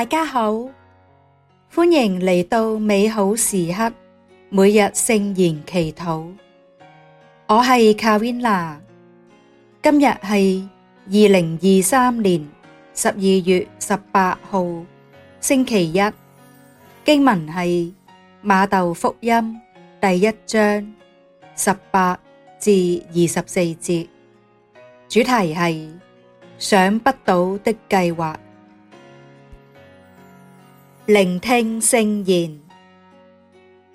大家好，歡迎嚟到美好時刻，每日聖言祈禱。我係 Karina，今日係二零二三年十二月十八號，星期一。經文係馬竇福音第一章十八至二十四節，主題係想不到的計劃。聆聽聖言，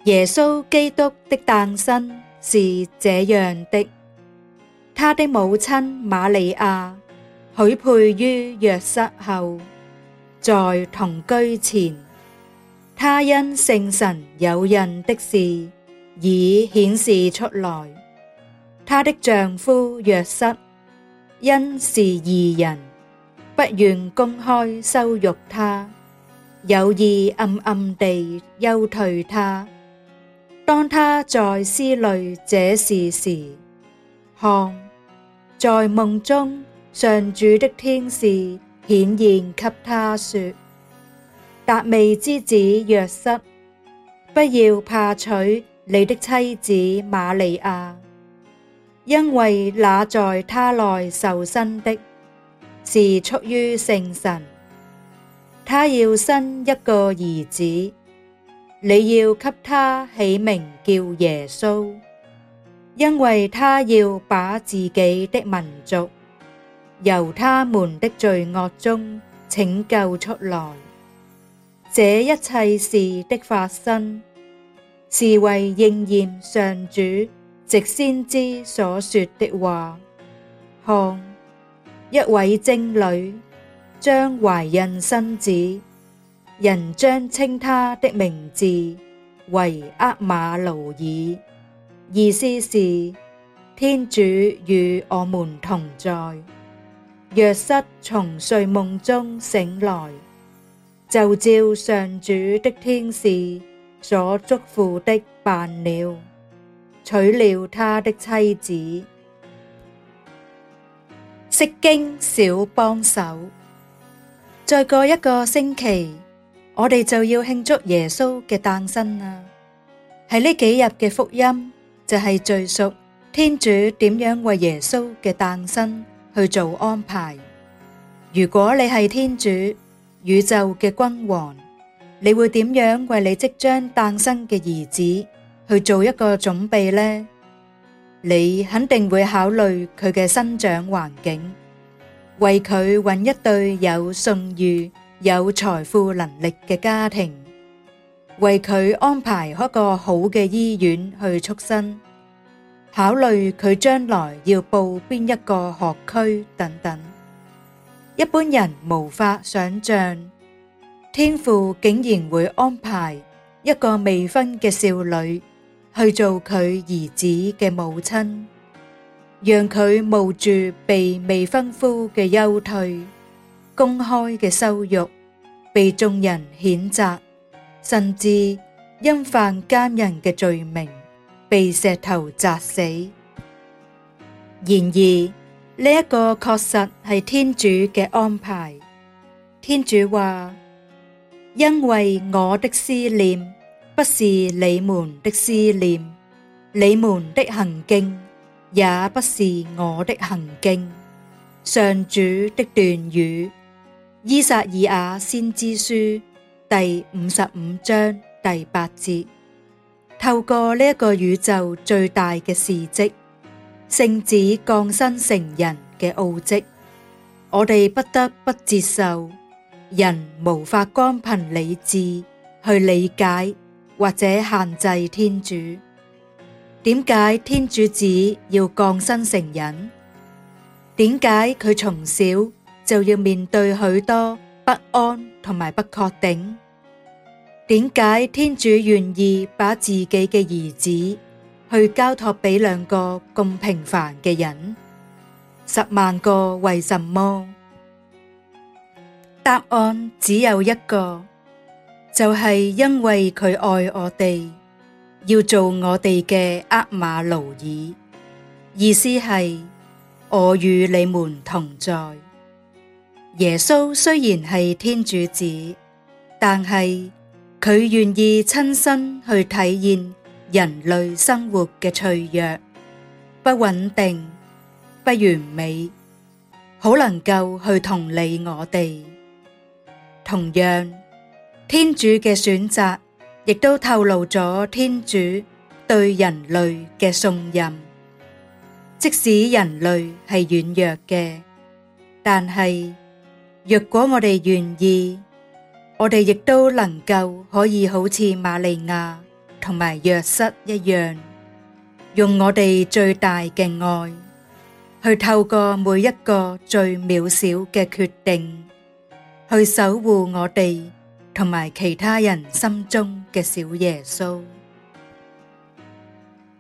耶穌基督的誕生是這樣的：他的母親瑪利亞許配於若瑟後，在同居前，她因聖神有孕的事已顯示出來。她的丈夫若瑟因是義人，不願公開羞辱她。有意暗暗地休退她，當他在思慮這事時，時，看，在夢中上主的天使顯現給他說：「達味之子若瑟，不要怕娶你的妻子瑪利亞，因為那在她內受生的，是出於聖神。他要生一個兒子，你要給他起名叫耶穌，因為他要把自己的民族由他們的罪惡中拯救出來。這一切事的發生，是為應驗上主藉先知所說的話。看，一位貞女。將懷孕生子，人將稱他的名字為厄瑪奴耳，意思是天主與我們同在。若瑟從睡夢中醒來，就照上主的天使所囑咐的辦了，娶了他的妻子。釋經小幫手。再過一個星期，我哋就要慶祝耶穌嘅誕生啦。喺呢幾日嘅福音就係敘述天主點樣為耶穌嘅誕生去做安排。如果你係天主、宇宙嘅君王，你會點樣為你即將誕生嘅兒子去做一個準備呢？你肯定會考慮佢嘅生長環境。為佢搵一對有信譽、有財富能力嘅家庭，為佢安排一個好嘅醫院去出生，考慮佢將來要報邊一個學區等等。一般人無法想象，天父竟然會安排一個未婚嘅少女去做佢兒子嘅母親。讓佢冒住被未婚夫嘅休退，公開嘅羞辱，被眾人譴責，甚至因犯奸人嘅罪名被石頭砸死。然而呢一個確實係天主嘅安排。天主話：因為我的思念不是你們的思念，你們的行徑，也不是我的行徑。上主的斷語，伊撒爾雅先知書第五十五章第八節。透過呢一個宇宙最大嘅事跡，聖子降生成人嘅奧跡，我哋不得不接受，人無法光憑理智去理解或者限制天主。點解天主子要降生成人？點解佢從小就要面對許多不安同埋不確定？點解天主願意把自己嘅兒子去交託俾兩個咁平凡嘅人？十萬個為什麼？答案只有一個，就係因為佢愛我哋。要做我哋嘅厄瑪奴耳，意思係我與你們同在。耶穌雖然係天主子，但係佢願意親身去體驗人類生活嘅脆弱、不穩定、不完美，好能夠去同理我哋。同樣，天主嘅選擇，亦都透露咗天主對人類嘅信任，即使人類係軟弱嘅，但係若果我哋願意，我哋亦都能夠可以好似瑪利亞同埋若瑟一樣，用我哋最大嘅愛去透過每一個最渺小嘅決定，去守護我哋同埋其他人心中嘅小耶穌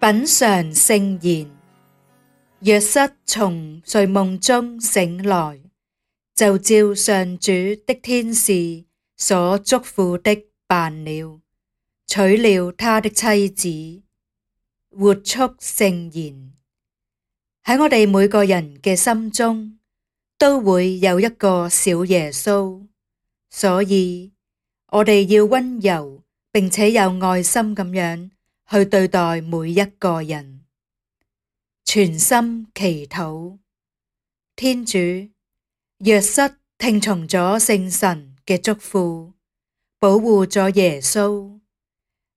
品嚐聖言，若瑟從睡夢中醒來，就照上主的天使所囑咐的辦了，娶了他的妻子，活出聖言。喺我哋每個人嘅心中都會有一個小耶穌，所以我哋要温柔。並且有愛心咁樣去對待每一個人，全心祈禱。天主，若瑟聽從咗聖神嘅囑咐，保護咗耶穌，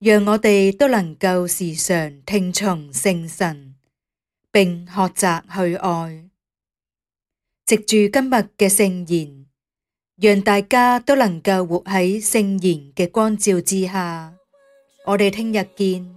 讓我哋都能夠時常聽從聖神，並學習去愛，藉住今日嘅聖言。讓大家都能夠活喺聖言嘅光照之下，我哋聽日見。